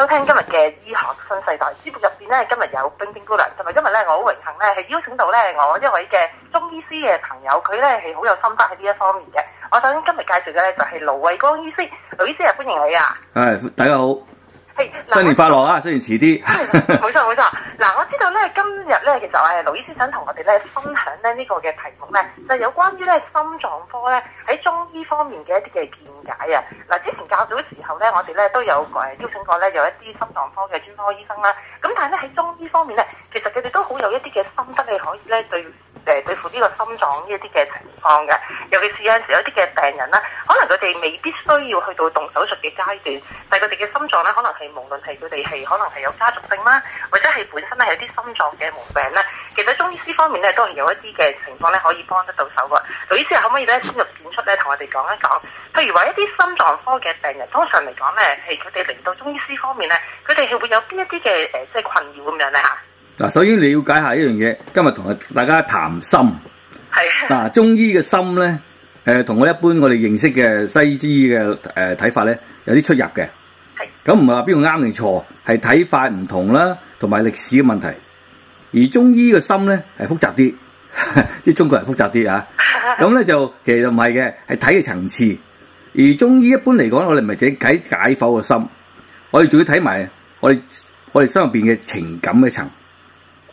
收聽今日嘅醫學新世代節目入邊咧，今日有冰冰姑娘同埋今日咧，我好榮幸咧係邀請到咧我一位嘅中醫師嘅朋友，佢咧係好有心得喺呢一方面嘅。我想今日介紹嘅咧就係盧衛光醫師，盧醫師啊，歡迎你啊！係大家好。新年快樂啊！雖然遲啲，冇錯冇錯。嗱，我知道咧，今日咧，其實啊，盧醫師想同我哋咧分享咧呢、這個嘅題目咧，就是、有關於咧心臟科咧喺中醫方面嘅一啲嘅見解啊。嗱，之前較早嘅時候咧，我哋咧都有誒邀請過咧有一啲心臟科嘅專科醫生啦。咁、啊、但係咧喺中醫方面咧，其實佢哋都好有一啲嘅心得你可以咧對。誒，對付呢個心臟呢一啲嘅情況嘅，尤其是有陣時有啲嘅病人啦，可能佢哋未必需要去到動手術嘅階段，但係佢哋嘅心臟咧，可能係無論係佢哋係可能係有家族性啦，或者係本身咧係一啲心臟嘅毛病咧，其實中醫師方面咧都係有一啲嘅情況咧可以幫得到手嘅。劉醫師可唔可以咧深入淺出咧同我哋講一講？譬如話一啲心臟科嘅病人，通常嚟講咧係佢哋嚟到中醫師方面咧，佢哋係會有邊一啲嘅誒即係困擾咁樣咧嚇？嗱，首先了解一下一樣嘢。今日同大家談心。嗱的，中醫嘅心咧，同我一般我哋認識嘅西之醫嘅誒睇法咧，有啲出入嘅。係的。咁唔係話邊個啱定錯，係睇法唔同啦，同埋歷史嘅問題。而中醫嘅心咧係複雜啲，即 中國人複雜啲啊。咁咧 就其實唔係嘅，係睇嘅層次。而中醫一般嚟講，我哋唔係自己解剖嘅心，我哋仲要睇埋我我哋心入邊嘅情感嘅層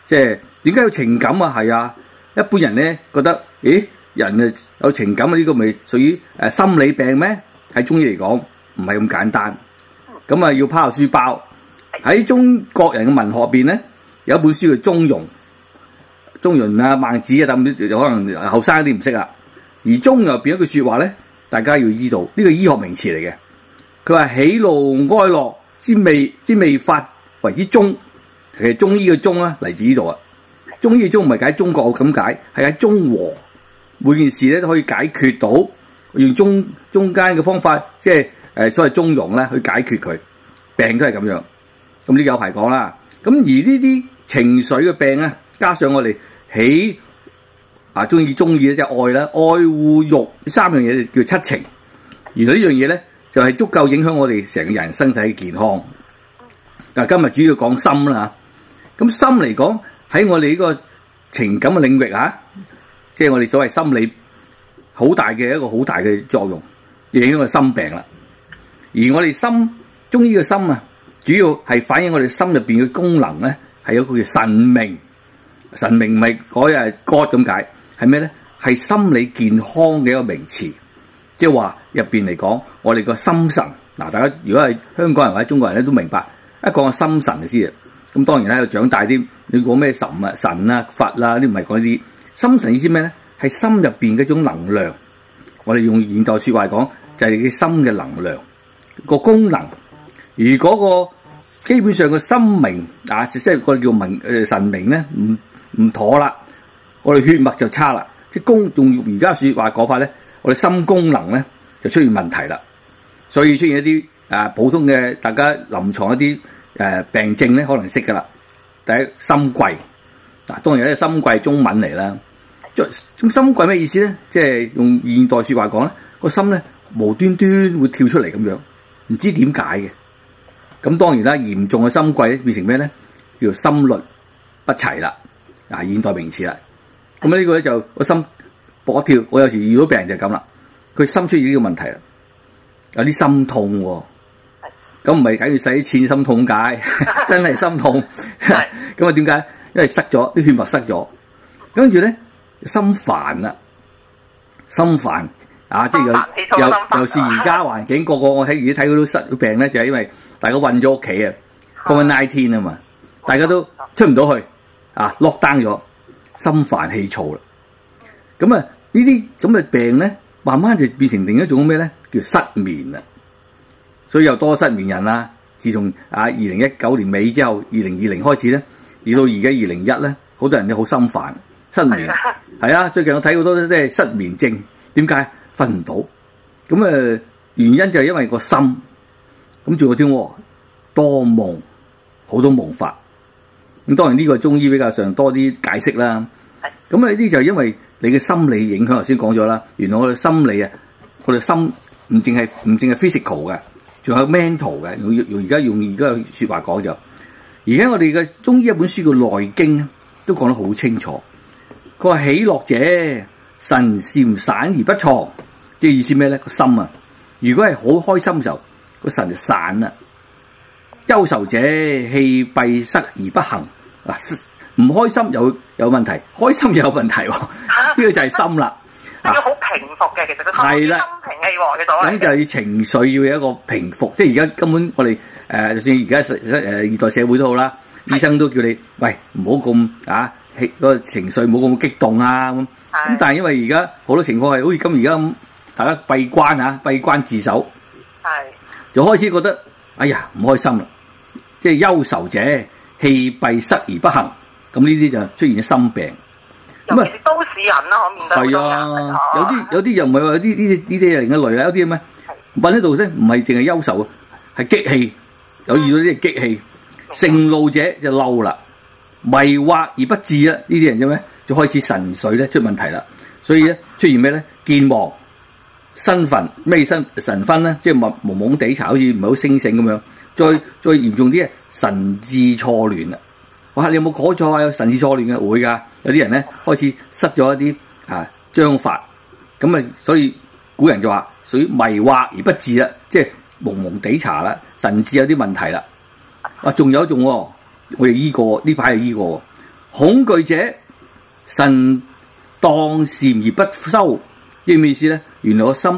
即係點解有情感啊？係啊！一般人咧覺得，咦，人啊有情感啊？呢個咪屬於心理病咩？喺中醫嚟講唔係咁簡單。咁啊要拋書包喺中國人嘅文學邊咧，有一本書叫《中庸》。中庸啊，孟子啊，等可能後生啲唔識啦。而中又變一句說話咧，大家要知道呢個醫學名詞嚟嘅。佢話：喜怒哀樂之未之未發為之中。其實中醫嘅中啊，嚟自呢度啊。中醫嘅中唔係解中國咁解，係喺中和，每件事咧都可以解決到用中中間嘅方法，即係誒所謂中庸咧去解決佢，病都係咁樣。咁呢有排講啦。咁而呢啲情緒嘅病咧，加上我哋起啊中意中意咧即係愛啦，愛護欲三樣嘢叫七情。而呢樣嘢咧就係足夠影響我哋成個人身體嘅健康。嗱，今日主要講心啦。咁心嚟講，喺我哋呢個情感嘅領域吓，即、啊、係、就是，我哋所謂心理好大嘅一個好大嘅作用，影響個心病啦。而我哋心中醫嘅心啊，主要係反映我哋心入邊嘅功能咧，係有個叫神明。神明咪嗰日 God 咁解，係咩咧？係心理健康嘅一個名詞，即係話入邊嚟講，我哋個心神嗱，大家如果係香港人或者中國人咧都明白，一講個心神就知嘅。咁當然啦，又長大啲。你講咩神啊、神啊，佛啊，呢啲唔係講呢啲。心神意思咩咧？係心入邊嗰種能量。我哋用現代説話講，就係你嘅心嘅能量，個功能。如果個基本上個心明啊，即係個叫明誒神明咧，唔唔妥啦。我哋血脈就差啦，即係功用而家説話講法咧，我哋心功能咧就出現問題啦。所以出現一啲啊普通嘅大家臨床一啲。誒，病症咧可能識噶啦，第一心悸，嗱當然咧心悸中文嚟啦，咁心悸咩意思咧？即係用現代說話講咧，個心咧無端端會跳出嚟咁樣，唔知點解嘅。咁當然啦，嚴重嘅心悸變成咩咧？叫做心律不齊啦，嗱現代名詞啦。咁、這、呢個咧就個心搏一跳，我有時遇到病人就咁啦，佢心出現呢個問題啦，有啲心痛。咁唔係緊要使錢，心痛解， 真係心痛。咁啊點解？因為塞咗啲血脈塞咗，跟住咧心煩啦，心煩，心煩啊！即係 又又是而家環境，個個我喺而家睇到塞失病咧，就係、是、因為大家困咗屋企啊，COVID-19 啊嘛，大家都出唔到去啊，落單咗，心煩氣躁啦。咁啊，啊種呢啲咁嘅病咧，慢慢就變成另一種咩咧？叫失眠。所以又多失眠人啦。自從啊二零一九年尾之後，二零二零開始咧，而到而家二零一咧，好多人都好心煩失眠。係 啊，最近我睇好多即係失眠症，點解瞓唔到？咁誒、呃、原因就係因為個心咁做個點喎、哦？多夢好多夢法。咁當然呢個中醫比較上多啲解釋啦。係咁啊！呢啲就係因為你嘅心理影響，頭先講咗啦。原來我哋心理啊，我哋心唔淨係唔淨係 physical 嘅。仲有 mental 嘅，用現在用而家用而家嘅說話講就，而家我哋嘅中醫一本書叫《內經》都講得好清楚。佢話喜樂者，神善散而不藏，即係意思咩咧？個心啊，如果係好開心嘅時候，個神就散啦。憂愁者，氣閉塞而不行。嗱，唔開心有有問題，開心有問題啊，呢個啊，就係心啦。啊、要好平伏嘅，其實佢心平氣的和嘅所謂。咁就係情緒要有一個平伏，的即係而家根本我哋誒、呃，就算而家誒現代社會都好啦，的醫生都叫你喂，唔好咁啊，個情緒冇咁激動啊咁。咁的但係因為而家好多情況係好似今而家咁，哎、大家閉關啊，閉關自守，的就開始覺得哎呀唔開心啦，即係憂愁者氣閉塞而不行，咁呢啲就出現咗心病。是都市人咯，可、嗯、面對都啊，啊有啲有啲又唔係話有啲呢啲呢啲人嘅類啦，有啲咩？嘅。混喺度咧，唔係淨係憂愁啊，係激氣。有遇到啲激氣，盛怒者就嬲啦，迷惑而不治啊！呢啲人啫、就、咩、是，就開始神髓咧出問題啦。所以咧出現咩咧？健忘、身份，咩身神分咧，即係朦朦地查，好似唔係好清醒咁樣。再再嚴重啲咧，神志錯亂。哇！你有冇講錯啊？有神志錯亂嘅會噶有啲人咧開始失咗一啲啊章法。咁啊，所以古人就話水迷惑而不治啦，即係蒙蒙地查啦，神志有啲問題啦。哇、啊！仲有一種，我哋依、這個呢排係依個恐懼者，神當善而不收，即係咩意思咧？原來個心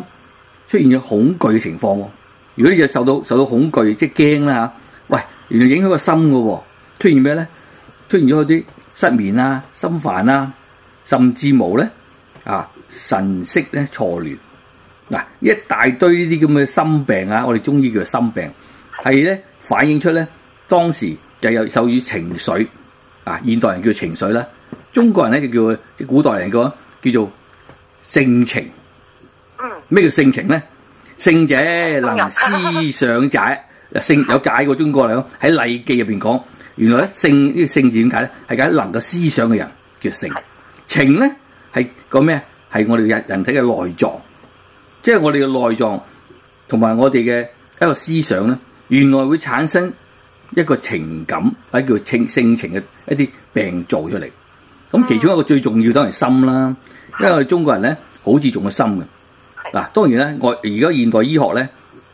出現咗恐懼嘅情況。如果你就受到受到恐懼，即係驚啦吓。喂，原來影響個心噶出現咩咧？出現咗啲失眠啊、心煩啊，甚至冇咧啊神識咧錯亂嗱、啊，一大堆呢啲咁嘅心病啊，我哋中醫叫做心病，係咧反映出咧當時就有受於情緒啊，現代人叫情緒啦、啊，中國人咧就叫，即古代人叫叫做性情。嗯，咩叫性情咧？性者能思想者，性 有解過中國嚟喺《禮記》入邊講。原來咧，性呢個性字點解咧？係解能夠思想嘅人叫性情咧，係個咩？係我哋嘅人體嘅內臟，即係我哋嘅內臟同埋我哋嘅一個思想咧，原來會產生一個情感，或者叫性，性情嘅一啲病灶出嚟。咁其中一個最重要都係心啦，因為我們中國人咧好注重個心嘅。嗱，當然咧，我而家現代醫學咧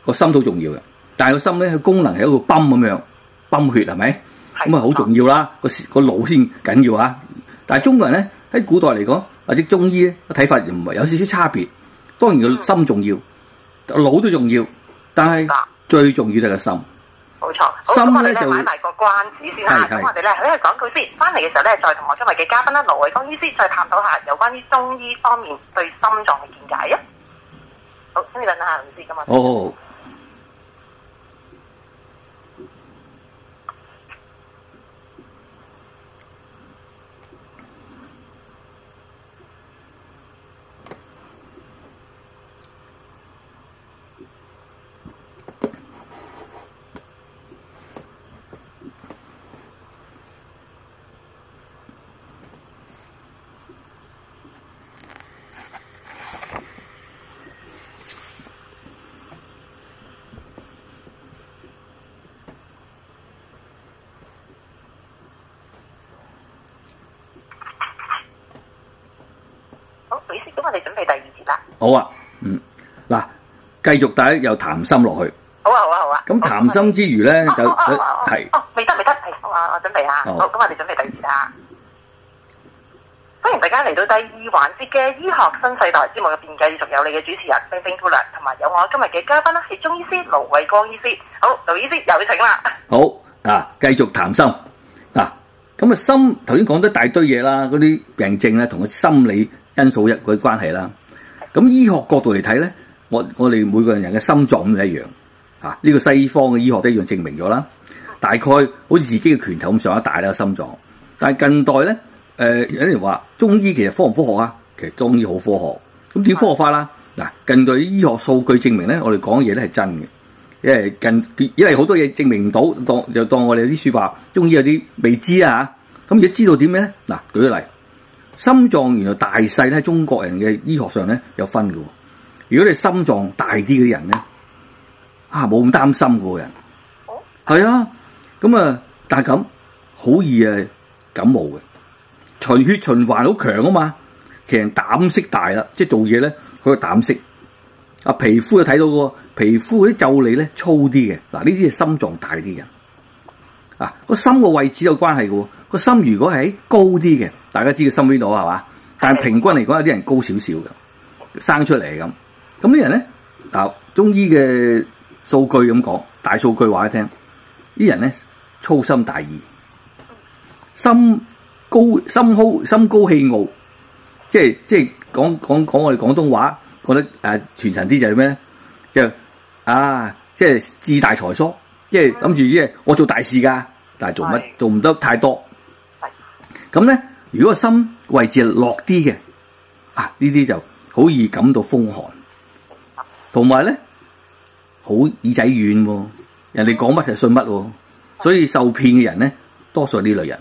個心好重要嘅，但係個心咧佢功能係一個泵咁樣泵血，係咪？咁啊，好重要啦，錯個個腦先緊要啊！錯但係中國人咧喺古代嚟講，或者中醫咧個睇法唔係有少少差別。當然個心重要，腦、嗯、都重要，但係最重要就係個心。冇錯錯，心咧呢就擺埋個關子先啦。咁的我哋咧喺度講句先講一講一講，翻嚟嘅時候咧再同我今日嘅嘉賓啦，盧偉光醫師再探討下有關於中醫方面對心臟嘅見解啊！好，先嚟問下盧醫師咁啊。今哦。李醫生，咁我哋準備第二節啦。好啊，嗯，嗱，繼續大家又談心落去。好啊，好啊，好啊。咁談心之餘咧，就係哦，未得未得，誒，我我準備下。好，咁我哋準備第二節啊。歡迎大家嚟到第二環節嘅醫學新世代節目入邊，繼續有你嘅主持人冰冰姑娘，同埋有我今日嘅嘉賓啦，係中醫師盧衛光醫師。好，盧醫師有請啦。好嗱，繼續談心嗱，咁啊心頭先講咗一大堆嘢啦，嗰啲病症咧同個心理因素一佢關係啦，咁醫學角度嚟睇咧，我我哋每個人嘅心臟咁就一樣，嚇，呢個西方嘅醫學都一樣證明咗啦。大概好似自己嘅拳頭咁上一大啦，心臟，但係近代咧、呃，有啲人話中醫其實科唔科學啊？其實中醫好科學，咁點科學法啦？嗱，近代醫學數據證明咧，我哋講嘅嘢都係真嘅，因為近因為好多嘢證明唔到，當就當我哋有啲説話中醫有啲未知啊，咁而家知道點咩咧？嗱、啊，舉個例。心臟原來大細咧，喺中國人嘅醫學上咧有分嘅。如果你心臟大啲嘅人咧，啊冇咁擔心嘅個人，係啊，咁啊，但係咁好易誒感冒嘅，循血循環好強啊嘛。其實膽色大啦，即係做嘢咧佢個膽色，啊皮膚又睇到個，皮膚啲皺理咧粗啲嘅，嗱呢啲係心臟大啲嘅，啊個心個位置有關係嘅。個心如果係高啲嘅，大家知道心邊度係嘛？的但係平均嚟講，有啲人高少少嘅，生出嚟咁。咁啲人咧，嗱，中醫嘅數據咁講，大數據話你聽，啲人咧粗心大意，心高心好心高氣傲，即係即係講講講我哋廣東話，講得誒傳、啊、神啲就係咩咧？就是、啊，即係志大才疏，即係諗住即係我做大事㗎，但係做乜的做唔得太多。咁咧，如果個心位置落啲嘅，啊呢啲就好易感到風寒，同埋咧好耳仔軟喎、啊，人哋講乜就信乜喎、啊，所以受騙嘅人咧，多數係呢類人，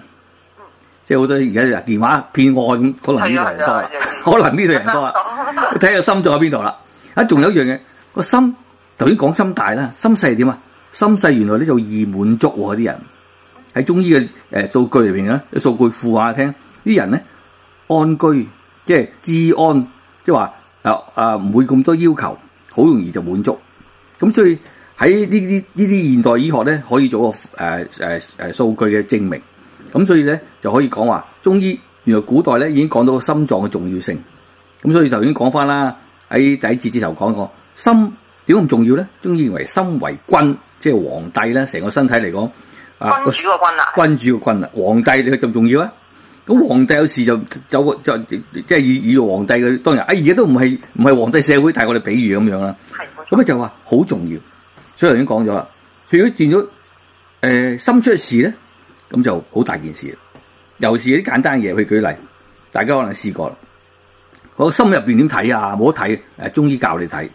即係好多而家嗱電話騙案，可能呢類人多，可能呢類人多啊，睇下 心臟喺邊度啦。啊，仲有一樣嘢，個心頭先講心大啦，心細係點啊？心細原來呢就易滿足喎啲人。喺中醫嘅誒數據入邊咧，啲數據庫下聽啲人咧安居，即係治安，即係話啊啊唔會咁多要求，好容易就滿足。咁所以喺呢啲呢啲現代醫學咧，可以做一個誒誒誒數據嘅證明。咁所以咧就可以講話中醫原來古代咧已經講到個心臟嘅重要性。咁所以頭先講翻啦，喺第一節節頭講過心點咁重要咧？中醫認為心為君，即係皇帝咧，成個身體嚟講。君主個君啊，君主個君啊，皇帝你去就重要啊。咁皇帝有時就走個即係以以皇帝嘅，當然啊而家都唔係唔係皇帝社會，但我哋比喻咁樣啦。咁啊的就話好重要。的重要，所以頭先講咗啦，如果變咗誒、呃、心出嘅事咧，咁就好大件事。尤其是啲簡單嘅嘢去舉例，大家可能試過啦，我心入邊點睇啊？冇得睇、啊。誒中醫教你睇，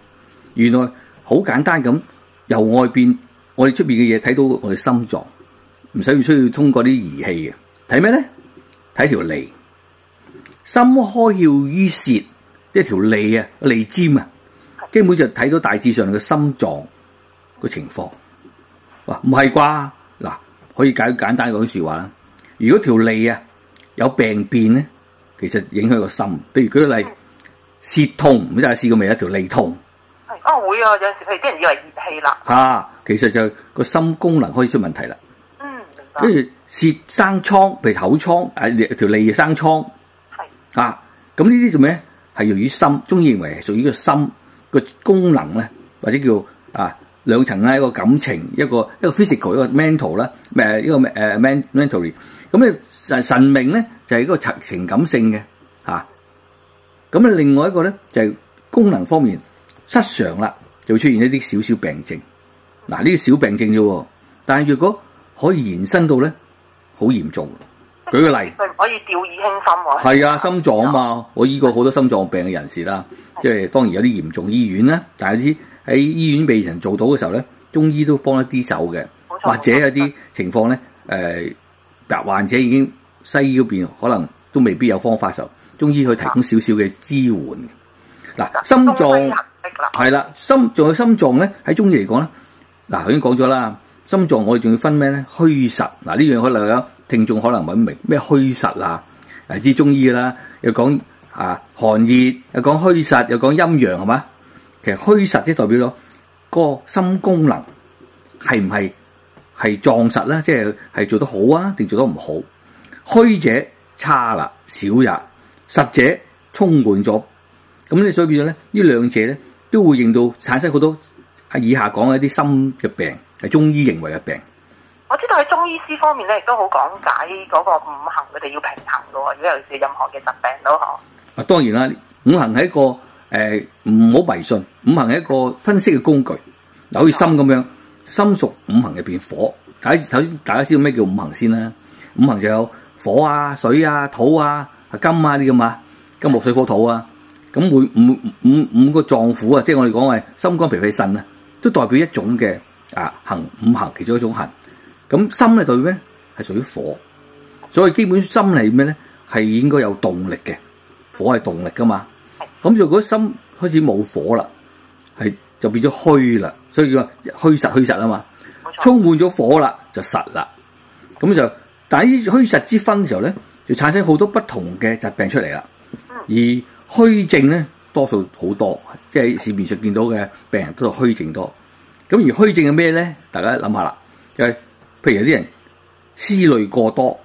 原來好簡單咁，由外邊我哋出邊嘅嘢睇到我哋心臟。唔使需要通過啲儀器嘅，睇咩呢？睇條脷，心開竅於舌，即條脷啊，脷尖呀，基本上睇到大致上嘅心臟個情況。哇、啊，唔係啩？嗱、啊，可以簡簡單講句說話啦。如果條脷呀，有病變呢，其實影響個心。譬如舉個例，舌，舌痛，唔知大家有試過未啊？條脷痛，啊會啊，有陣時佢啲人以為熱氣啦，嚇，其實就個、是、心功能開始出問題啦。跟住舌生瘡，譬如口瘡，誒條脷生瘡，係啊，咁呢啲叫咩？係由於心，中醫認為屬於個心個功能咧，或者叫啊兩層啊一個感情，一個一個 physical，一個 mental 啦、啊，誒一個誒、uh, mental，咁、啊、咧神神明咧就係、是、嗰個情情感性嘅，吓、啊，咁啊另外一個咧就係、是、功能方面失常啦，就會出現一啲少少病症，嗱呢啲小病症啫，但係如果可以延伸到咧，好嚴重。舉個例，唔可以掉以輕心喎。係啊，心臟啊嘛，的我醫過好多心臟病嘅人士啦，的即係當然有啲嚴重醫院啦，但係啲喺醫院未能做到嘅時候咧，中醫都幫一啲手嘅，錯或者有啲情況咧，嗱錯、呃、患者已經西醫嗰邊可能都未必有方法嘅時候，中醫去提供少少嘅支援。嗱的臟，心臟係啦，心仲有心臟咧，喺中醫嚟講咧，嗱頭先講咗啦。心臟我哋仲要分咩咧？虛實嗱，呢、啊、樣可能有聽眾可能唔明咩虛實啊？誒、啊、知中醫啦，又講啊寒熱，又講虛實，又講陰陽，係嘛？其實虛實即代表咗個心功能係唔係係壯實咧？即係係做得好啊，定做得唔好？虛者差啦，少也；實者充滿咗。咁你所以變咗咧，呢兩者咧都會令到產生好多啊以下講嘅一啲心嘅病。係中醫認為嘅病，我知道喺中醫師方面咧，亦都好講解嗰個五行佢哋要平衡噶喎、哦。如果有任何嘅疾病都好啊，哦、當然啦，五行係一個誒，唔、欸、好迷信，五行係一個分析嘅工具。嗱，好似心咁樣，哦、心屬五行入邊火。大家首先大家知道咩叫五行先啦？五行就有火啊、水啊、土啊、金啊啲咁啊，金木水火土啊。咁每五五五個臟腑啊，即係我哋講係心肝脾肺腎啊，都代表一種嘅。啊，行五行其中一種行，咁心咧對咩？係屬於火，所以基本心理咩咧？係應該有動力嘅，火係動力㗎嘛。係。咁就如果心開始冇火啦，係就變咗虛啦，所以叫做虛實虛實啊嘛。充滿咗火啦，就實啦。咁就但係呢虛實之分嘅時候咧，就產生好多不同嘅疾病出嚟啦。而虛症咧，多數好多，即係市面上見到嘅病人都係虛症多。咁而虛症係咩咧？大家諗下啦，就係、是、譬如有啲人思慮過多、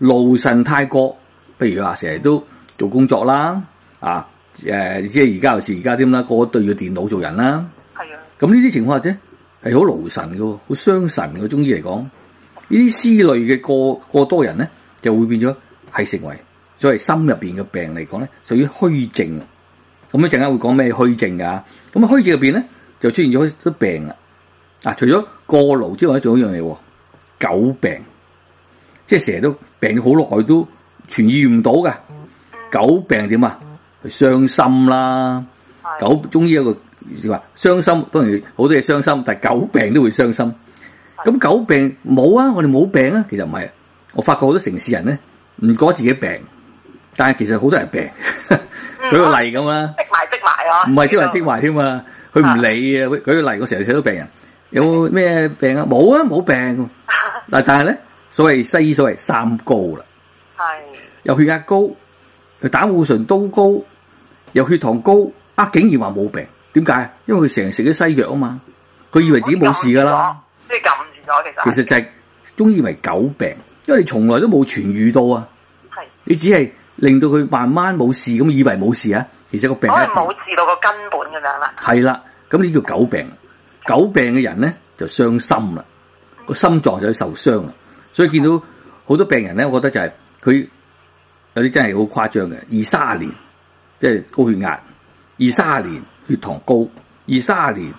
勞神太過，譬如佢話成日都做工作啦，啊，呃、即係而家又是而家添啦，過對住電腦做人啦，咁呢啲情況下啫係好勞神嘅，好傷神嘅。中醫嚟講，呢啲思慮嘅過，過多人咧，就會變咗係成為所謂心入面嘅病嚟講咧，屬於虛症。咁一陣間會講咩虛症㗎？咁啊虛症入面咧，就出現咗好多病啦，啊！除咗過勞之外，仲有一樣嘢喎，久病，即係成日都病咗好耐都痊癒唔到嘅。久病點啊？傷心啦！久中醫有個話傷心，當然好多嘢傷心，但係久病都會傷心。咁久病冇啊？我哋冇病啊，其實唔係。我發覺好多城市人咧唔覺得自己病，但係其實好多人病。舉個例咁啦，逼埋逼埋啊！唔係逼埋逼埋添啊！佢唔理啊！舉舉個例，我成日睇到病人有咩病啊？冇啊，冇病，啊。 但但係咧，所謂西醫所謂三高啦，係 又血壓高，又膽固醇都高，又血糖高啊！竟然話冇病？點解？因為佢成日食咗西藥啊嘛，佢以為自己冇事噶啦。即係撳住咗，其實其實就係中以為久病，因為你從來都冇痊癒到啊。的你只係令到佢慢慢冇事咁，以為冇事啊，其實個病可冇治到個根本咁樣啦。係啦。咁呢叫久病，久病嘅人咧就傷心啦，個心臟就受傷啦。所以見到好多病人咧，我覺得就係、是、佢有啲真係好誇張嘅，二三十年即係、就是、高血壓，二三十年血糖高，二三十年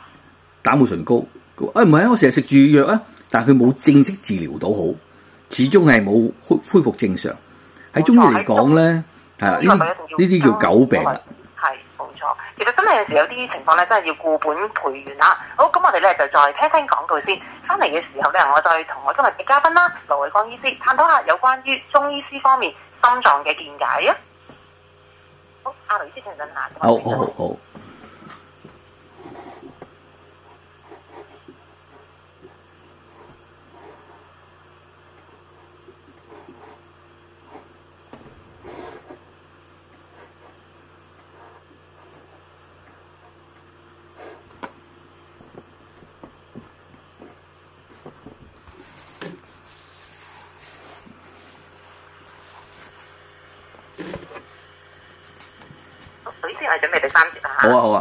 膽固醇高。啊，唔係，我成日食住藥啊，但佢冇正式治療到好，始終係冇恢復正常。喺中醫嚟講咧，係啊呢呢啲叫久病啦。其實真係有陣時有啲情況咧，真係要固本培元啊！好，咁我哋咧就再聽聽廣告先。翻嚟嘅時候咧，我再同我今日嘅嘉賓啦，盧偉光醫師探討下有關於中醫師方面心臟嘅見解啊！好，阿盧醫師，請問下。好好好。係準備第三節啦，好啊好啊！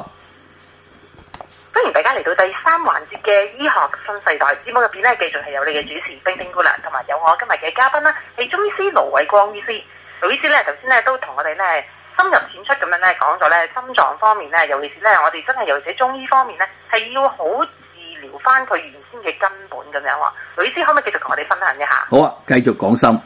歡迎大家嚟到第三環節嘅醫學新世代節目入邊咧，繼續係有你嘅主持冰冰姑娘，同埋有我今日嘅嘉賓啦，係中醫師盧偉光醫師。盧醫師咧，頭先咧都同我哋咧深入淺出咁樣咧講咗咧心臟方面咧，尤其是咧我哋真係，尤其是中醫方面咧，係要好治療翻佢原先嘅根本咁樣喎。盧醫師可唔可以繼續同我哋分享一下？好啊，繼續講心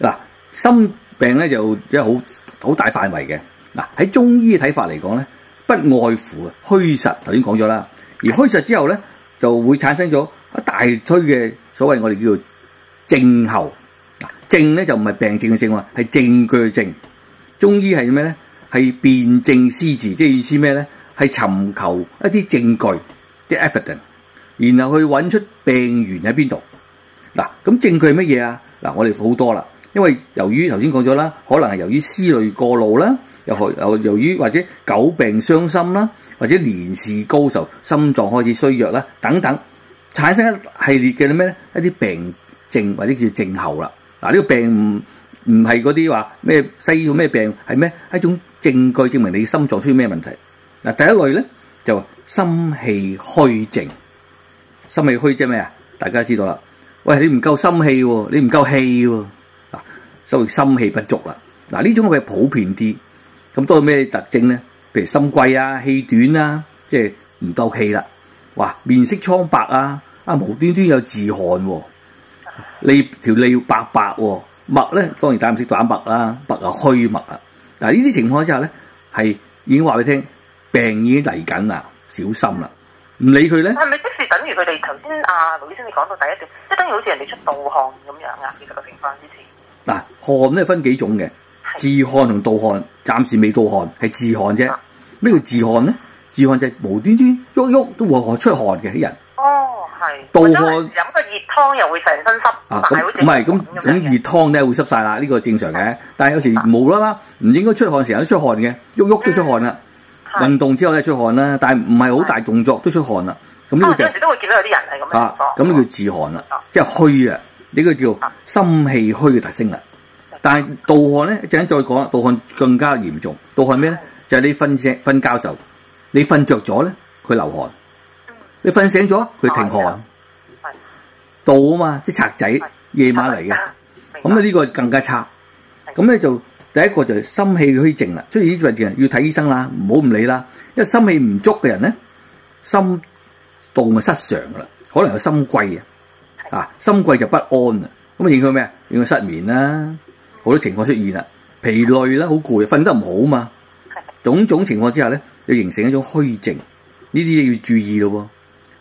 嗱，心病咧就即係好好大範圍嘅。嗱喺中醫嘅睇法嚟講咧，不外乎啊虛實，頭先講咗啦。而虛實之後咧，就會產生咗一大堆嘅所謂我哋叫做證候。證咧就唔係病症嘅症喎，係證據嘅證。中醫係咩咧？係辨證施治，即係意思咩咧？係尋求一啲證據啲 evidence 然後去揾出病源喺邊度。嗱咁證據係乜嘢啊？嗱我哋好多啦。因為由於頭先講咗啦，可能係由於思慮過勞啦，又何又由於或者久病傷心啦，或者年事高壽，心臟開始衰弱啦，等等，產生一系列嘅咩咧？一啲病症或者叫做症候啦。嗱，呢個病唔唔係嗰啲話咩西醫叫咩病，係咩？係一種證據證明你心臟出現咩問題。嗱，第一類咧就話心氣虛症，心氣虛即係咩啊？大家知道啦。喂，你唔夠心氣喎，你唔夠氣喎。就會心氣不足啦，嗱，呢種會普遍啲，咁都多咩特徵咧？譬如心悸啊、氣短啊，即係唔夠氣啦，哇面色蒼白啊，啊無端端有自汗喎、啊，脷條脷白白喎、啊，脈咧當然膽唔識打脈啦，白啊虛脈啊，但呢啲情況之下咧，係已經話畀你聽，病已經嚟緊啦，小心啦，唔理佢咧。係咪即係等於佢哋頭先阿盧醫生你講到第一段，即係等於好似人哋出盜汗咁樣啊？其實個情況之前。嗱，汗咧分幾種嘅，自汗同盜汗，暫時未盜汗，係自汗啫。咩叫自汗咧？自汗就係無端端喐喐都會出汗嘅人。哦，係。盜汗飲個熱湯又會成身濕，唔係咁咁熱湯咧會濕晒啦，呢個正常嘅。但係有時冇啦啦唔應該出汗成日都出汗嘅，喐喐都出汗啦。運動之後咧出汗啦，但係唔係好大動作都出汗啦。咁呢個陣時都會見到有啲人係咁樣啊，咁叫自汗啦，即係虛啊。呢個叫心氣虛嘅特徵啦，但係盜汗咧，一陣再講啦。盜汗更加嚴重，盜汗咩咧？就係你瞓醒瞓覺時候，你瞓着咗咧，佢流汗；你瞓醒咗，佢停汗。盜啊嘛，即賊仔夜晚嚟嘅，咁咧呢個更加差。咁咧就第一個就係心氣虛靜啦，所以呢啲病症要睇醫生啦，唔好唔理啦。因為心氣唔足嘅人咧，心動啊失常噶啦，可能有心悸啊。啊，心悸就不安啊，咁啊影響佢咩啊？影響佢失眠啦，好多情況出現啦，疲累啦，好攰，瞓得唔好嘛。種種情況之下咧，就形成一種虛症，呢啲要注意咯喎、啊。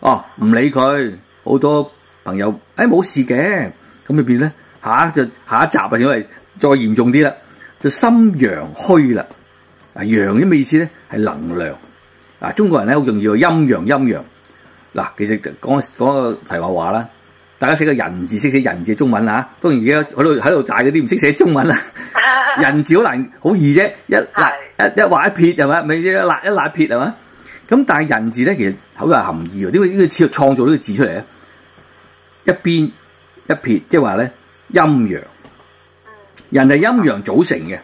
哦、啊，唔理佢，好多朋友唉，冇、哎、事嘅，咁啊面咧嚇就下一集啊，因為再嚴重啲啦，就心陽虛啦。啊，陽啲咩意思咧？係能量、啊。中國人咧好容易陰陽陰陽。嗱、啊，其實講講個題話話啦。大家寫個人字，識寫人字中文啦嚇、啊。當然而家喺度喺度大嗰啲唔識寫中文啦。啊、 人字好難好易啫，一嗱一一畫一撇係嘛？咪一捺一捺撇係嘛？咁但係人字咧，其實好有含義喎。點解點解創造呢個字出嚟咧？一邊一撇，即係話咧陰陽。人係陰陽組成嘅。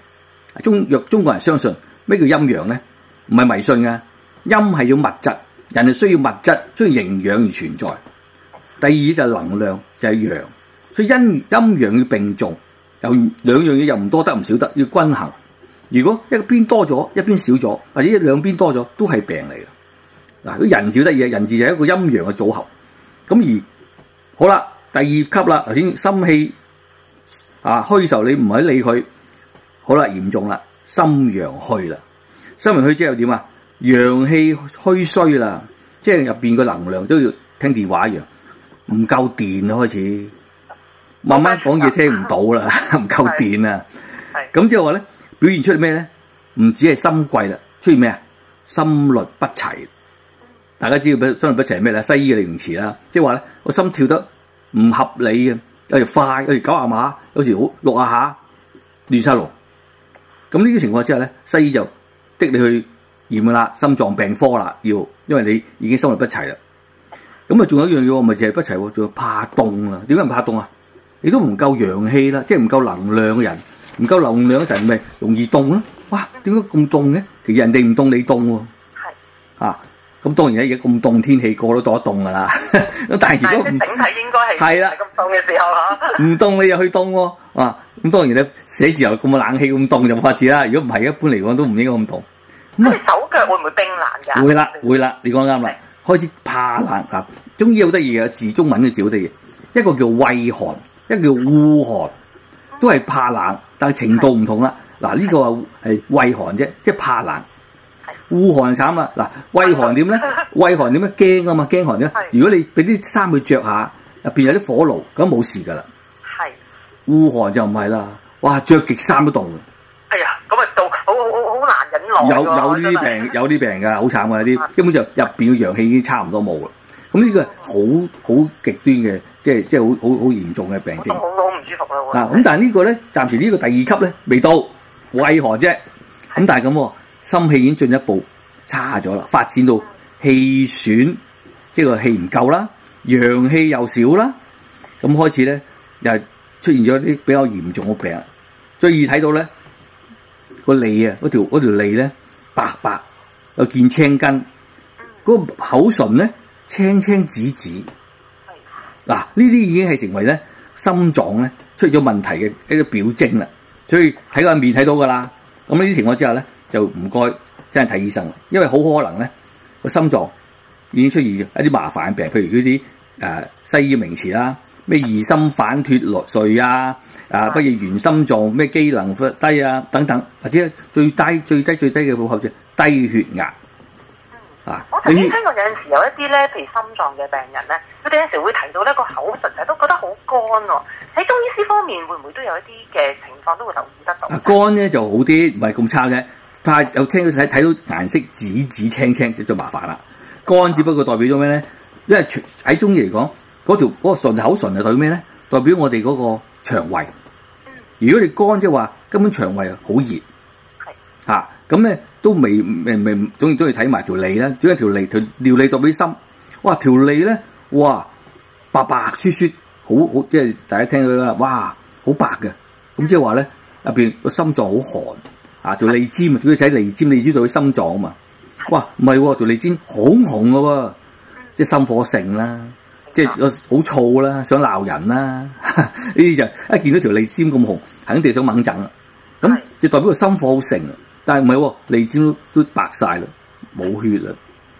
中若中國人相信咩叫陰陽咧？唔係迷信嘅。陰係要物質，人係需要物質，需要營養而存在。第二就係能量，就係陽，所以陰陰陽要並重。有兩樣嘢又唔多得，唔少得，要均衡。如果一個邊多咗，一邊少咗，或者一兩邊多咗，都係病嚟嘅嗱。佢人字得意，人字就係一個陰陽嘅組合。咁而好啦，第二級啦，頭先心氣啊虛嘅時候，你唔係理佢，好啦，嚴重啦，心陽虛啦，心陽虛即係又點啊？陽氣虛衰啦，即係入面個能量都要聽電話一樣。唔夠電啦，開始慢慢講嘢聽唔到啦，唔夠電啊！咁即係話咧，表現出嚟咩咧？唔止係心悸啦，出現咩啊？心律不齊，大家知道心律不齊係咩咧？西醫嘅用詞啦，即係話咧，我心跳得唔合理嘅，有時快，有時九啊碼，有時好六啊下亂晒龍。咁呢啲情況之下咧，西醫就即你去驗啦，心臟病科啦，要因為你已經心律不齊啦。咁啊，仲有一樣嘢，我咪就係不齊，就係、齊怕凍啦。點解唔怕凍啊？你都唔夠陽氣啦，即係唔夠能量嘅人，唔夠能量嘅人咪容易凍咯。哇，點解咁凍嘅？其實人哋唔凍，你凍喎。係啊，咁是、啊、當然咧，而家咁凍天氣，個個都凍噶啦。 但係都唔係啦，咁凍嘅時候唔凍 你又去凍喎。咁、啊、當然咧，寫字樓咁冇冷氣，咁凍就冇法子啦。如果唔係，一般嚟講都唔應該咁凍。咁、啊、你手腳會唔會冰冷噶？會啦了，是會啦，你講啱啦。開始怕冷啊！中醫好得意嘅，字中文嘅字好得意。一個叫畏寒，一個叫惡寒，都係怕冷，但係程度唔同啦。嗱呢是的 個係畏寒啫，即係怕冷。惡寒就慘啦。嗱，畏寒點咧？畏寒點咧？驚啊嘛！驚寒點咧？如果你俾啲衫去着下，入邊有啲火爐，咁冇事噶啦。惡寒就唔係啦。哇！着極衫都凍。有有啲病有啲病㗎，好慘㗎！有啲根本就入邊嘅陽氣已經差唔多冇啦。咁呢個好好極端嘅，即係即係好好好嚴重嘅病症。唔舒服啊，咁但係呢個咧，暫時呢個第二級咧未到，為何啫？咁但係咁喎，心氣已經進一步差咗啦，發展到氣損，即係個氣唔夠啦，陽氣又少啦，咁開始咧又係出現咗啲比較嚴重嘅病。最易睇到咧。個脷啊，嗰條條脷咧白白，又見青筋，嗰、那個、口唇咧青青紫紫，嗱呢啲已經係成為咧心臟咧出現咗問題嘅一個表徵啦。所以睇個面睇到噶啦，咁呢啲情況之下咧就唔該真係睇醫生，因為好可能咧個心臟已經出現一啲麻煩病，譬如嗰啲誒西醫名詞啦。咩疑心反脫落睡啊？啊，不如原心臟咩機能低啊？等等，或者最低最低最低嘅配合就低血壓、嗯、啊！我曾經聽過有陣時有一啲咧，譬如心臟嘅病人咧，佢哋有陣時會提到咧個口唇在都覺得好乾喎。喺中醫師方面，會唔會都有一啲嘅情況都會留意得到？乾咧、啊、就好啲，唔係咁差啫。但係有聽到睇睇到顏色紫紫青青，就麻煩啦。乾只不過代表咗咩咧？因為喺中醫嚟講。嗰條嗰、嗰個順口唇就代表咩咧？代表我哋嗰個腸胃。如果你乾即係話，根本腸胃好熱，嚇咁咧都未未未總，總要總要睇埋條脷啦。總係條脷條脷代表心，哇條脷咧哇白白雪雪，好好即係大家聽到啦，哇好白嘅。咁、嗯、即係話咧入邊個心臟好寒啊，條脷尖啊，總要睇脷尖，脷尖代表心臟啊嘛。哇唔係喎，條脷尖好紅嘅喎，即係心火盛啦。即係好燥啦，想鬧人啦、啊，呢 啲就係、一見到條脷尖咁紅，肯定想猛掙啦、啊。咁就代表個心火好盛、啊，但係唔係，脷尖都白晒啦，冇血啦、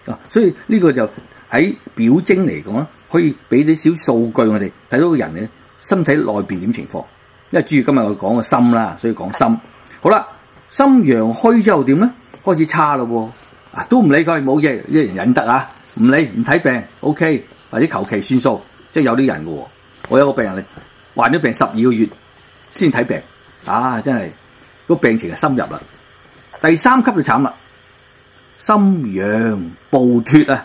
啊。所以呢個就喺表徵嚟講，可以俾啲小數據我哋睇到個人嘅身體內邊點情況。因為主要今日我講個心啦，所以講心。好啦，心陽虛之後點咧？開始差啦喎、啊啊，都唔理佢，冇嘢，一人忍得啊，唔理唔睇病，O K。OK 或者求其算數，即係有啲人嘅喎。我有個病人呢，患咗病十二個月先睇病，啊，真係、個病情係深入啦。第三級就慘啦，心陽暴脫啊，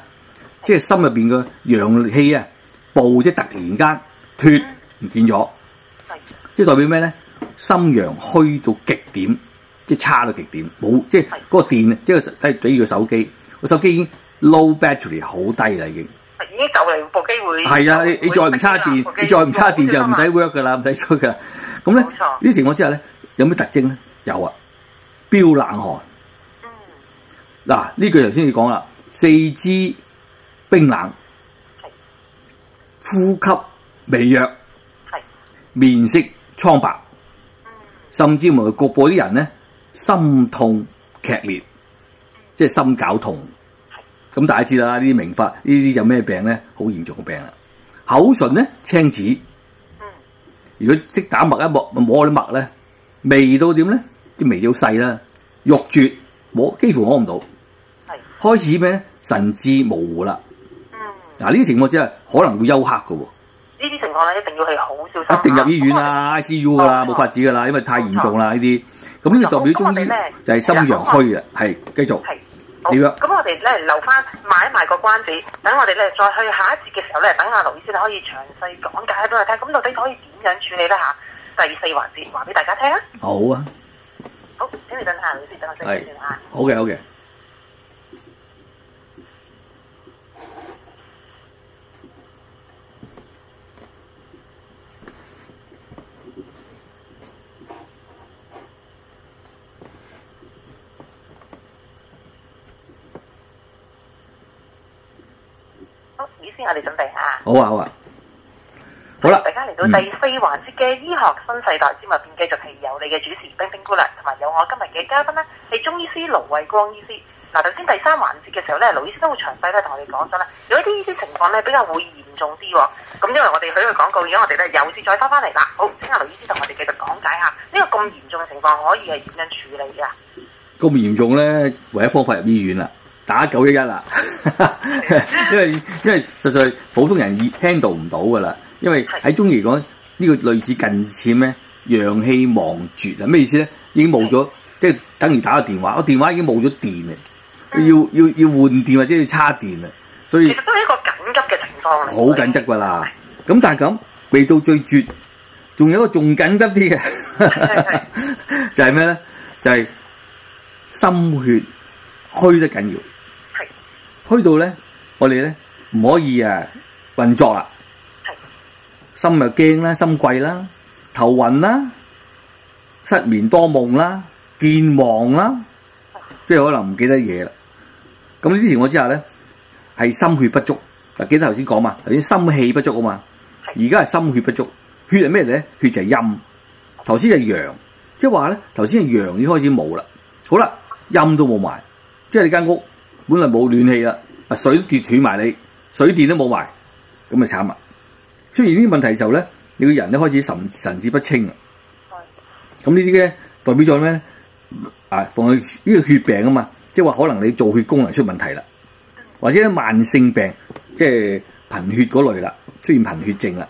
即係心入邊嘅陽氣啊，暴即係突然間脫唔見咗，即係代表咩咧？心陽虛到極點，即係差到極點，冇即係嗰個電即係比比如個手機，個手機已經 low battery 好低啦，已經。已經就嚟冇機會。係啊，你會你再唔叉電，機你再唔叉電就唔使 work 噶啦，唔使、嗯、出噶。咁咧呢錯情況之下咧，有咩特徵咧？有啊，飆冷汗。嗯。嗱，呢句頭先你講啦，四肢冰冷，係是。呼吸微弱，係是。面色蒼白，嗯、甚至乎局部啲人咧，心痛劇烈，即係心絞痛。咁大家知啦，名呢啲明法，呢啲就咩病咧？好嚴重嘅病啦！口唇咧青紫，嗯、如果識打脈一抹摸啲脈咧，微到點咧？啲微到細啦，欲絕摸幾乎摸唔到，是開始咩？神志模糊啦，嗱呢啲情況之下可能會休克㗎喎、啊。呢啲情況咧一定要係好小心、啊，一定入醫院啦，ICU 啦，冇、哦、法子噶啦，因為太嚴重啦呢啲。咁呢個代表中醫就係心陽虛啊，係、嗯、繼續。好，咁我哋咧留翻買埋個關子，等我哋咧再去下一節嘅時候咧，等阿劉老師可以詳細講解俾我聽。咁到底可以點樣處理咧？嚇，第四環節話俾大家聽啊！好啊，好，請你等下，老師等我先嚇。好嘅，好嘅。先，我哋準備吓，好啊好啊，好啦，啊，好啊嗯、大家嚟到第四環節嘅醫學新世代之物變，邊繼續係由你嘅主持冰冰姑娘，同埋有我今日嘅嘉賓呢，係中醫師盧衛光醫師。嗱，頭先第三環節嘅時候呢，盧醫師都詳細咧同我哋講咗啦，有一啲醫師情況呢比較會嚴重啲，咁因為我哋去個廣告，而家我哋咧又先再翻翻嚟啦。好，請阿盧醫師同我哋繼續講解下，呢、這個咁嚴重嘅情況可以係點樣處理㗎？咁嚴重呢，唯一方法入醫院啦。打九一一啦， 因為因為實在普通人 handle 唔到噶啦，因為喺中醫嚟講，呢個類似近似咩陽氣亡絕啊？咩意思咧？已經冇咗，即係的等於打個電話，個電話已經冇咗電啊的！要要要換電或者要叉電啊！所以其實都係一個緊急嘅情況。好緊急㗎啦！咁的但係咁未到最絕，仲有一個仲緊急啲嘅的， 就係咩咧？就係心血虛得緊要。開到咧，我哋咧唔可以啊運作啦，心又驚啦，心悸啦，頭暈啦，失眠多夢啦，健忘啦，即係可能唔記得嘢啦。咁呢啲情況之下咧,係心血不足。嗱，記得頭先講嘛，頭先心氣不足啊嘛，而家係心血不足。血係咩咧？血就係陰。頭先係陽，即係話咧，頭先係陽已經開始冇啦。好啦，陰都冇埋，即係你間屋。本嚟冇暖氣啦，啊水都跌斷埋你，水電都冇埋，咁咪慘啊！出現呢啲問題時候咧，你個人咧開始神神志不清啊。咁呢啲咧代表咗咩咧？啊，防佢呢個血病啊嘛，即係話可能你造血功能出問題啦，或者慢性病，即係貧血嗰類啦，出現貧血症啦。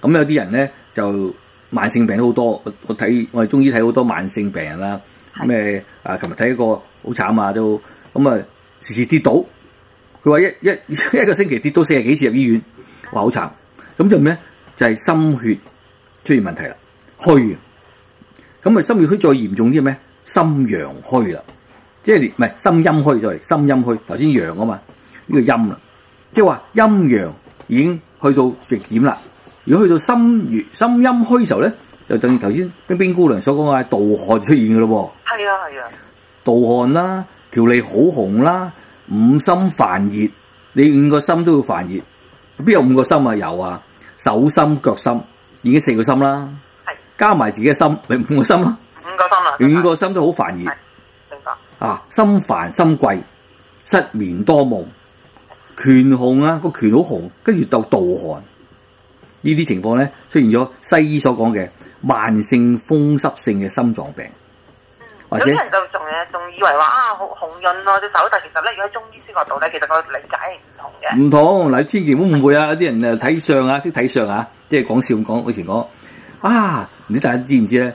咁有啲人咧就慢性病好多，我睇我哋中醫睇好多慢性病人啦，咩的啊？琴日睇一個好慘啊，都咁、嗯、啊～時時跌倒，佢話一一一個星期跌到四十幾次入醫院，話好慘，咁就咩？就係心血出現問題啦，虛。咁啊，心血虛再嚴重啲係咩？心陽虛啦，即係唔係心陰虛就係心陰虛。頭先陽啊嘛，呢個陰啦，即係話陰陽已經去到極點啦。如果去到心血心陰虛時候咧，就等於頭先冰冰姑娘所講嘅盜汗出現㗎咯喎。係啊係啊，盜汗啦。條脷好紅啦，五心煩熱，你五個心都要煩熱，邊有五個心啊？有啊，手心、腳心已經四個心啦，是加埋自己嘅心，你五個心咯。五個心啊，五個心都好煩熱。明白是啊，心煩、心悸、失眠多夢、拳紅啊，個拳好紅，跟住到盜汗，呢啲情況咧出現咗西醫所講嘅慢性風濕性嘅心臟病。有啲人就仲誒，仲以為話啊，好紅潤咯隻手，但其實咧，如果喺中醫師角度咧，其實個理解係唔同嘅。唔同，嗱，千祈唔好誤會啊！有啲人誒睇相啊，識睇相啊，即係講笑咁講，以前講啊，唔知大家知唔知咧？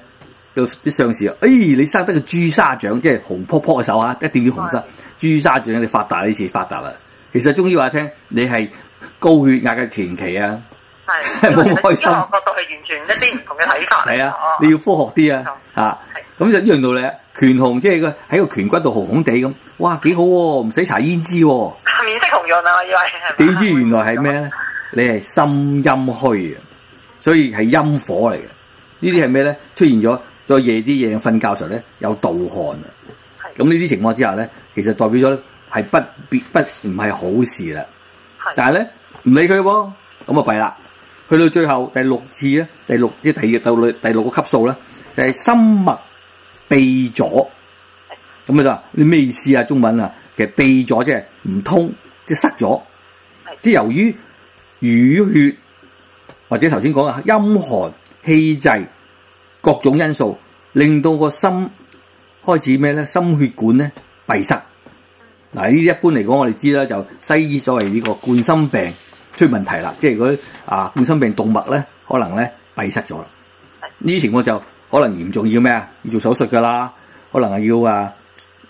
有啲相士，誒、哎，你生得個朱砂掌，即係紅樸樸嘅手啊，一定要紅色，朱砂的掌你發達呢次發達啦，其實中醫話聽，你係高血壓嘅前期啊，係冇開心。角度係完全一啲唔同嘅睇法。係啊，你要科學啲啊，嚇的！咁就依樣道理，顴紅即係個喺個顴骨度紅紅地咁，哇幾好喎、啊，唔使搽胭脂喎、啊。面色紅潤啊，我以為點知原來係咩咧？ 你係心陰虛啊，所以係陰火嚟嘅。呢啲係咩咧？出現咗再夜啲夜瞓覺時候咧，有盜汗啊。咁呢啲情況之下咧，其實代表咗係不別不唔係好事啦。的但係咧唔理佢喎，咁啊弊啦。去到最後第六次咧，第六即係第二到第，第，第六個級數咧，就係、是、心脈。閉咗，咁咪得你咩意思啊？中文啊，其實閉咗即係唔通，即係塞咗，即係由於淤血或者頭先講嘅陰寒氣滯各種因素，令到個心開始咩咧？心血管咧閉塞。嗱，呢啲一般嚟講，我哋知啦，就西醫所謂呢個冠心病出問題啦，即係嗰啲啊冠心病動脈咧可能咧閉塞咗啦。呢啲情況就。可能嚴重要咩啊？要做手術噶啦，可能係要啊，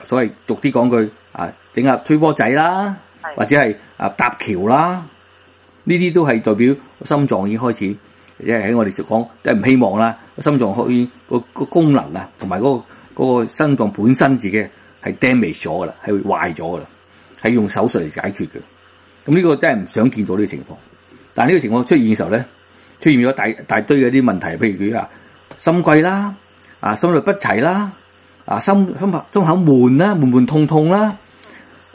所謂俗啲講句啊，整下通波仔啦，是的 或者係啊搭橋啦，呢啲都係代表心臟已經開始，即係喺我哋講都係唔希望啦。心臟可以個個功能啊、嗰個，同埋嗰個心臟本身自己係 damage 咗噶啦，係壞咗噶啦，係用手術嚟解決嘅。咁呢個都係唔想見到呢個情況。但係呢個情況出現嘅時候咧，出現咗大大堆嘅啲問題，譬如佢啊。心悸啦，啊心律不齊啦，啊心心脈心口悶啦，悶悶痛痛啦，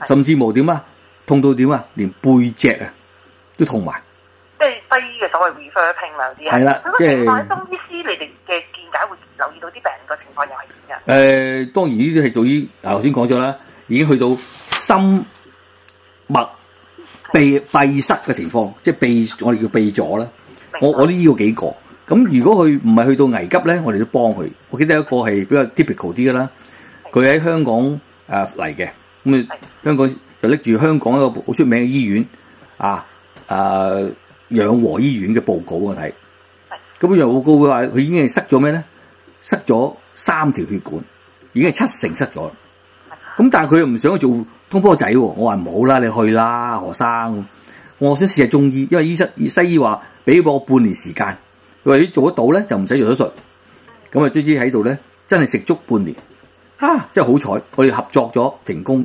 甚至乎點啊，痛到點啊，連背脊啊都痛埋，即係西醫嘅所謂 refering 嗰啲啊，咁嘅情況，中醫師你哋嘅見解會留意到啲病人嘅情況又係點啊？誒，當然呢啲係屬於頭先講咗啦，已經去到心脈閉閉塞嘅情況，即係閉我哋叫閉阻啦，我我都醫過幾個。咁如果佢唔係去到危急咧，我哋都幫佢。我記得一個係比較 typical 啲嘅啦。佢喺香港誒嚟嘅咁啊，香港就拎住香港一個好出名嘅醫院啊，誒、啊、養和醫院嘅報告我睇，咁樣報告會話，佢已經係塞咗咩咧？塞咗三條血管，已經係七成塞咗。咁但係佢又唔想去做通波仔喎。我話冇啦，你去啦，何生。我想試下中醫，因為醫生西醫話俾我半年時間。喂，做得到咧就唔使做手術，咁啊，支支喺度咧，真係食足半年，啊，真係好彩，我哋合作咗成功，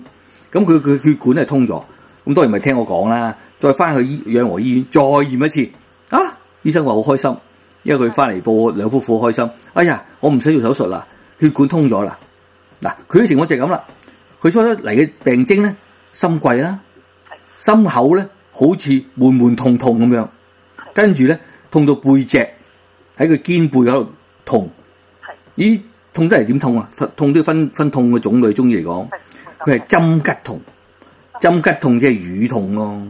咁佢佢血管係通咗，咁當然唔係聽我講啦，再翻去養和醫院再驗一次，啊，醫生話好開心，因為佢翻嚟報我兩夫妻好開心，哎呀，我唔使做手術啦，血管通咗啦，嗱、啊，佢嘅情況就係咁啦，佢出咗嚟嘅病徵咧，心悸啦，心口咧好似悶悶痛痛咁樣，跟住咧痛到背脊。喺佢肩背嗰度痛，咦，痛得嚟點痛啊？痛都要分分痛嘅種類，中醫嚟講，佢係針吉痛，針吉痛即係淤痛咯。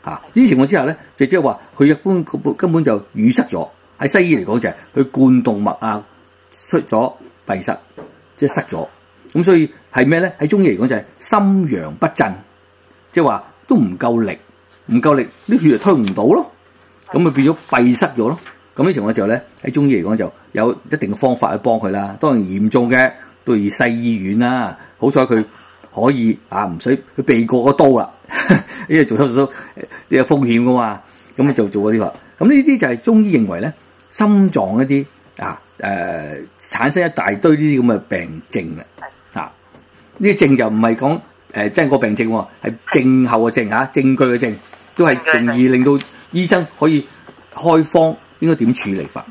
啊，呢啲情況之下咧，就即係話佢一般根本就淤塞咗。喺西醫嚟講就係佢冠動脈啊出咗閉塞，即係塞咗。咁所以係咩咧？喺中醫嚟講就係心陽不振，即係話都唔夠力，唔夠力啲血就推唔到咯，咁咪變咗閉塞咗咯。咁呢情況嘅時候咧，喺中醫嚟講就有一定嘅方法去幫佢啦。當然嚴重嘅對西醫院啦，好彩佢可以啊，唔使佢避過嗰刀啦，呢個做手術都有風險噶嘛。咁就做嗰啲啦。咁呢啲就係中醫認為咧，心臟一啲啊誒、呃、產生一大堆呢啲咁嘅病症嘅。呢、啊、啲症就唔係講誒真係個病症喎、啊，係症候嘅症啊，證據嘅證都係容易令到醫生可以開方。應該點處理法？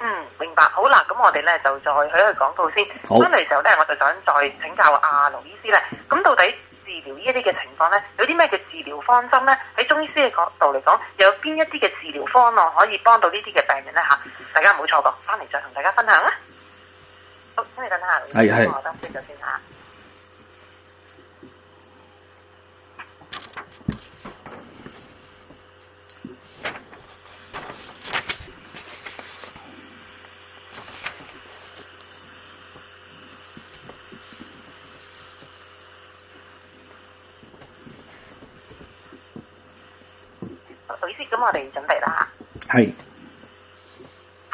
嗯，明白。好啦，咁我哋咧就再去一去廣告先。翻嚟嘅時候咧，我就想再請教阿盧醫師咧。咁到底治療呢啲嘅情況咧，有啲咩嘅治療方針咧？喺中醫師嘅角度嚟講，有邊一啲嘅治療方案可以幫到呢啲嘅病人咧？吓，大家唔好錯過，翻嚟再同大家分享啦。好，請你等下，盧醫師，係係，我等先就算下。咁我哋準備啦，係是，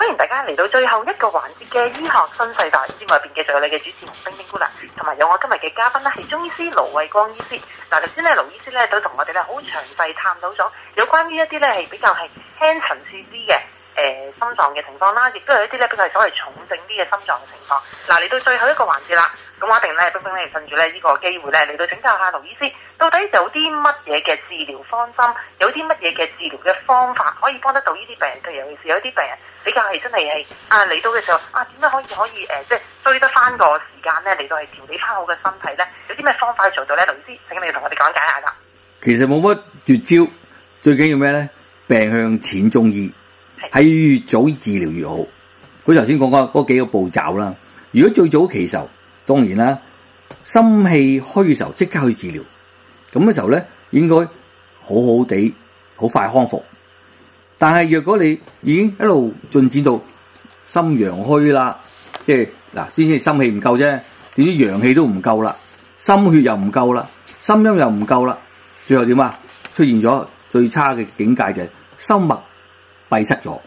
歡迎大家嚟到最後一個環節嘅醫學新世代之外邊，繼續有你嘅主持胡冰冰姑娘，同埋有我今日嘅嘉賓呢係中醫師盧衛光醫師。嗱、啊，頭先呢，盧醫師呢都同我哋咧好詳細探討咗有關於一啲呢係比較係輕層設啲嘅。誒，心臟嘅情況啦，亦都有一啲咧，都係所謂重症啲嘅心臟嘅情況。嗱，嚟到最後一個環節啦，咁我一定咧，冰冰咧，趁住咧呢個機會咧，嚟到請教下劉醫師，到底有啲乜嘢嘅治療方針，有啲乜嘢嘅治療嘅方法可以幫得到呢啲病人？譬如尤其是有啲病人比較係真係係啊嚟到嘅時候啊，點樣可以可以誒，即係追得翻個時間咧，嚟到係調理翻好嘅身體咧？有啲咩方法做到咧？劉醫師，請你同我哋講解下啦。其實冇乜絕招，最緊要咩咧？病向淺中醫。係越早治療越好。佢頭先講嗰嗰幾個步驟啦。如果最早期的時候，當然啦，心氣虛時候即刻去治療，咁嘅時候咧應該好好地好快康復。但係若果你已經一路進展到心陽虛啦，即係嗱，先至心氣唔夠啫，點知陽氣都唔夠啦，心血又唔夠啦，心陰又唔夠啦，最後點啊？出現咗最差嘅境界就係、是、心脈。閉塞咗，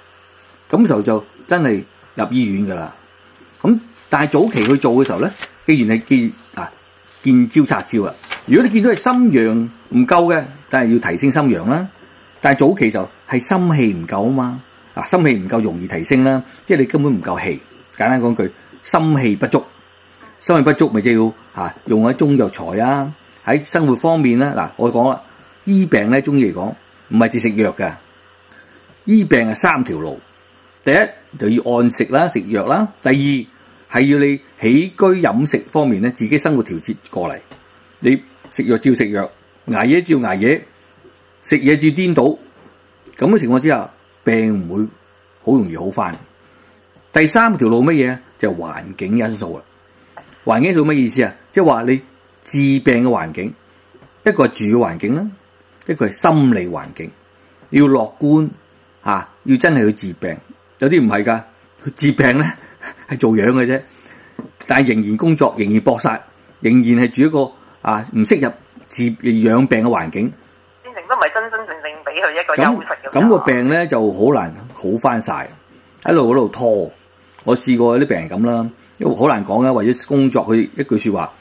咁時候就真係入醫院噶啦。咁但係早期去做嘅時候咧，既然係見啊見招拆招啊，如果你見到係心陽唔夠嘅，但係要提升心陽啦。但係早期就係心氣唔夠啊嘛，啊心氣唔夠容易提升啦，即係你根本唔夠氣。簡單講句，心氣不足，心氣不足咪即要吓用下中藥材啊，喺生活方面咧嗱，我講啦，醫病咧中醫嚟講唔係只食藥嘅。醫病係三條路，第一就要按食啦，食藥啦。第二係要你起居飲食方面咧，自己生活調節過嚟。你食藥照食藥，捱夜照捱夜，食嘢照顛倒咁嘅情況之下，病唔會好容易好翻。第三條路乜嘢啊？就係環境因素啦。環境因素咩意思啊？即係話你治病嘅環境，一個係住嘅環境啦，一個係心理環境，要樂觀。啊！要真係去治病，有啲唔係噶，佢治病咧係 做樣嘅啫。但係仍然工作，仍然搏殺，仍然係住一個啊唔適合治病養病嘅環境，變成都唔係真真正正俾佢一個休息嘅。咁咁個病咧就好難好翻晒，一路嗰度拖。我試過有啲病人咁啦，因為好難講呀，為咗工作，佢一句説話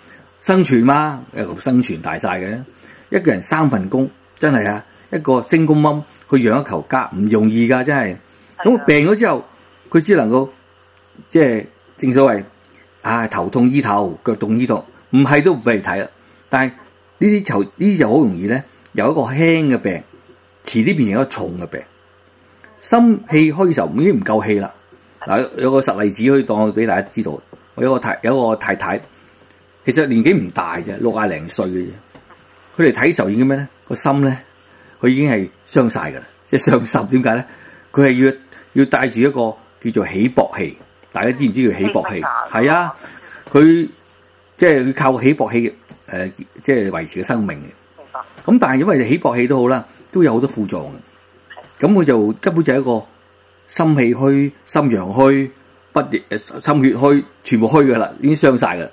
生存嘛，生存大晒嘅。一個人三份工，真係啊，一個升工冧。佢養一頭家唔容易噶，真係咁佢病咗之後，佢只能夠即係正所謂，啊頭痛醫頭，腳痛醫腳，唔係都唔俾嚟睇啦。但係呢啲就呢啲就好容易咧，由一個輕嘅病，遲啲變成一個重嘅病。心氣虛嘅時候已經唔夠氣啦。嗱、呃、有個實例子可以當我俾大家知道，我有個太有個太太，其實年紀唔大嘅，六廿零歲嘅啫，佢嚟睇嘅時候已經咩咧個心咧？佢已經係傷晒噶啦，即、就、係、是、傷心。點解咧？佢係要要帶住一個叫做起搏器，大家知唔知叫起搏器？係 啊，佢即係佢靠起搏器誒，即、呃、係、就是、維持個生命嘅。咁，但係因為起搏器都好啦，都有好多副作用的。咁佢就根本就係一個心氣虛、心陽虛、不熱心血虛，全部虛噶啦，已經傷曬噶。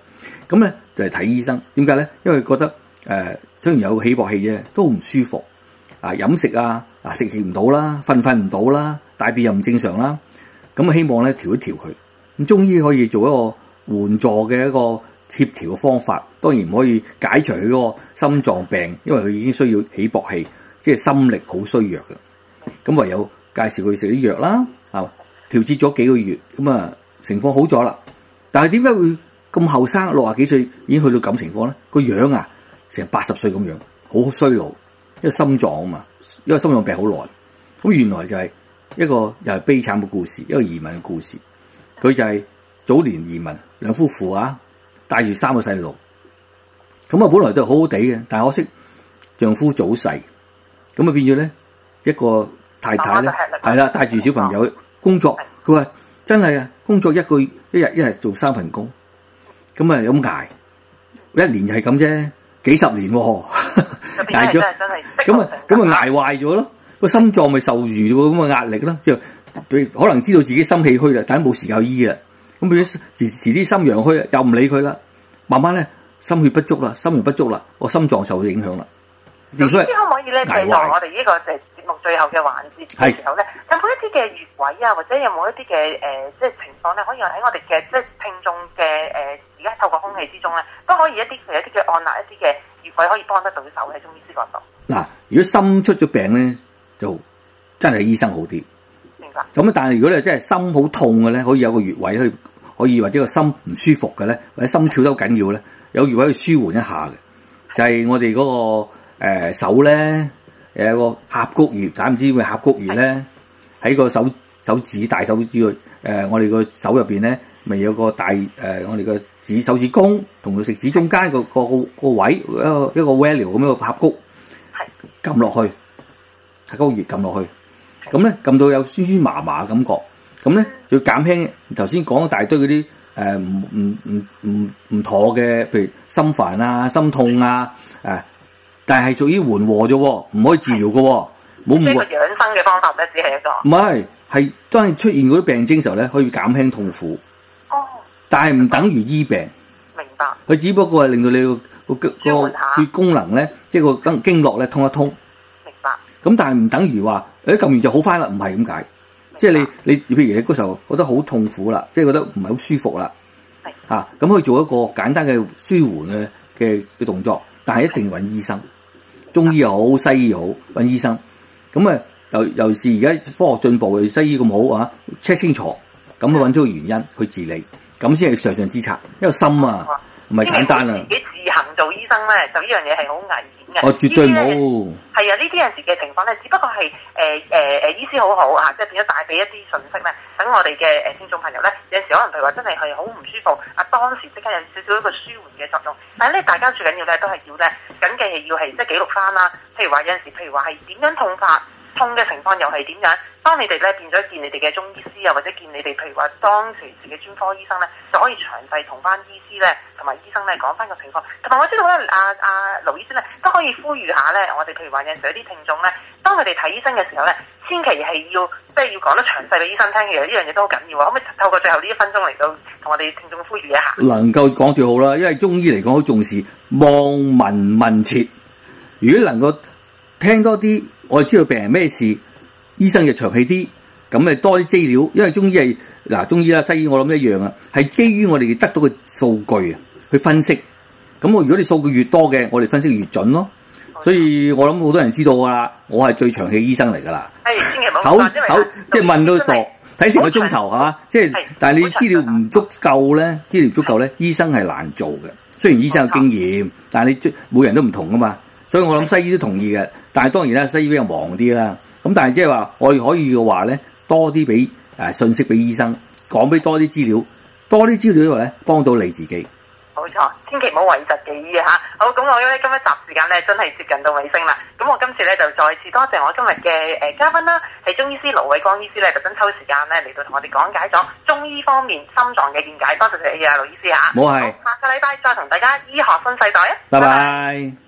咁咧就係睇醫生點解咧？因為覺得誒、呃，雖然有起搏器啫，都唔舒服。啊！飲食啊，啊食食唔到啦，瞓瞓唔到啦，大便又唔正常啦，咁啊希望咧調一調佢。咁中醫可以做一個援助嘅一個協調嘅方法，當然唔可以解除佢個心臟病，因為佢已經需要起搏器，即係心力好衰弱嘅。咁唯有介紹佢食啲藥啦，啊調節咗幾個月，咁啊情況好咗啦。但係點解會咁後生？六十幾歲已經去到咁情況咧？個樣啊成八十歲咁樣，好衰老。因為心臟啊嘛，因為心臟病好耐，咁原來就係一個又係悲慘嘅故事，一個移民嘅故事。佢就係早年移民兩夫婦啊，帶住三個細路，咁啊本來都好好地嘅，但係可惜丈夫早逝，咁啊變咗咧一個太太咧係啦，帶住、啊啊啊啊、小朋友工作，佢話、啊、真係啊工作一個一日一日做三份工，咁啊咁挨一年就係咁啫，幾十年喎、啊。捱咗，咁啊，咁啊，捱壞咗咯，個心臟咪受住咁嘅壓力咯，即係，可能知道自己心氣虛啦，但係冇時間醫啦，咁佢遲遲啲心陽虛，又唔理佢啦，慢慢咧，心血不足啦，心陽不足啦，個心臟受影響啦。所以可唔可以咧，期待我哋呢個節目最後嘅環節嘅時候咧，咁有冇一啲嘅穴位啊，或者有冇一啲嘅誒，即、呃、係情況咧，可以喺我哋嘅即係聽眾嘅誒，而、呃、家透過空氣之中咧，都可以一啲譬如一啲嘅按壓，一啲嘅。穴位可以幫得到手喺中醫師嗰度。嗱，如果心出咗病咧，就真係醫生好啲。明白。咁但係如果你真係心好痛嘅咧，可以有個穴位去，可以，可以或者個心唔舒服嘅咧，或者心跳都好緊要咧，有穴位去舒緩一下嘅。就係我哋嗰個呃手咧，有個合谷穴，誒唔知咩合谷穴咧，喺個手手指大手指嘅呃，我哋個手入邊咧。咪有個大誒、呃，我哋個指手指公同佢食指中間個個個位一個一個 w e l 咁一個合谷，撳落去，係高個穴撳落去，咁咧撳到有酸酸麻麻嘅感覺，咁咧就要減輕頭先講大堆嗰啲誒唔唔唔唔唔妥嘅，譬如心煩啊、心痛啊，誒、啊，但係屬於緩和啫，唔可以治療嘅、哦，冇唔的。即係養生嘅方法，唔只係一個。唔係係當你出現嗰啲病徵嘅時候咧，可以減輕痛苦。但係唔等於醫病，明白，佢只不過係令到你個個血功能咧，即係個筋經絡咧通一通，明白。咁但係唔等於話，誒、哎、撳完就好翻啦，唔係點解？白即係你你譬如你嗰時候覺得好痛苦啦，即係覺得唔係好舒服啦，嚇咁的、啊、可以做一個簡單嘅舒緩嘅嘅嘅動作，但係一定要揾醫生，白中醫又好，西醫又好，揾醫生。咁、嗯、誒尤其是而家科學進步，西醫咁好啊，check 清楚咁去揾到個原因的去治理。咁先係上上之策，因為心啊唔係、嗯、簡單啊。自己自行做醫生咧，就呢樣嘢係好危險嘅。我、哦、絕對冇。係啊，呢啲有時嘅情況咧，只不過係誒誒誒，醫師好好、啊、嚇，即係變咗帶俾一啲信息咧，等我哋嘅誒聽眾朋友咧，有陣時可能譬如話真係係好唔舒服，啊當時即刻有少少一個舒緩嘅作用。但係咧，大家最緊要咧都係要咧，緊記係要係即係記錄翻啦。譬如話有陣時，譬如話係點樣痛法，痛嘅情況又係點樣？當你哋咧變咗見你哋嘅中醫師啊，或者。譬如話，當時自己專科醫生咧，就可以詳細同翻醫師咧，同埋醫生咧講翻個情況。同埋我知道咧，阿、啊、阿、啊、劉醫生咧都可以呼籲下咧，我哋譬如話，有時有啲聽眾咧，當佢哋睇醫生嘅時候咧，千祈係要即係要講得詳細俾醫生聽嘅，呢樣嘢都好緊要啊！可唔可以透過最後呢一分鐘嚟到同我哋聽眾呼籲一下？能夠講最好啦，因為中醫嚟講好重視望聞問切。如果能夠聽多啲，我哋知道病人咩事，醫生就長氣啲。咁咪多啲資料，因為中醫係，嗱，中醫啦、西醫，我諗一樣啊，係基於我哋得到嘅數據啊去分析。咁我如果你數據越多嘅，我哋分析越準咯。所以我諗好多人知道㗎啦，我係最長氣醫生嚟㗎啦。好，好，即係問到傻，睇成個鐘頭下，即係但係你資料唔足夠咧，資料足夠咧，醫生係難做嘅。雖然醫生有經驗，但係你每人都唔同啊嘛。所以我諗西醫都同意嘅，但係當然啦，西醫比較忙啲啦。咁但係即係話我哋可以嘅話咧。多啲俾誒信息俾醫生，講俾多啲資料，多啲資料咧，幫到你自己。冇錯，千祈唔好諱疾忌醫吓。好，咁我咧今一集時間咧真係接近到尾聲啦。咁我今次咧就再次多謝我今日嘅誒嘉賓啦，係中醫師盧偉光醫師咧特登抽時間咧嚟到同我哋講解咗中醫方面心臟嘅見解，多謝你啊盧醫師吓。冇係事，下個禮拜再同大家醫學新世代啊！拜拜 bye。Bye bye